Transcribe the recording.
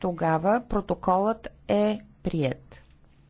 тогава протоколът е прият.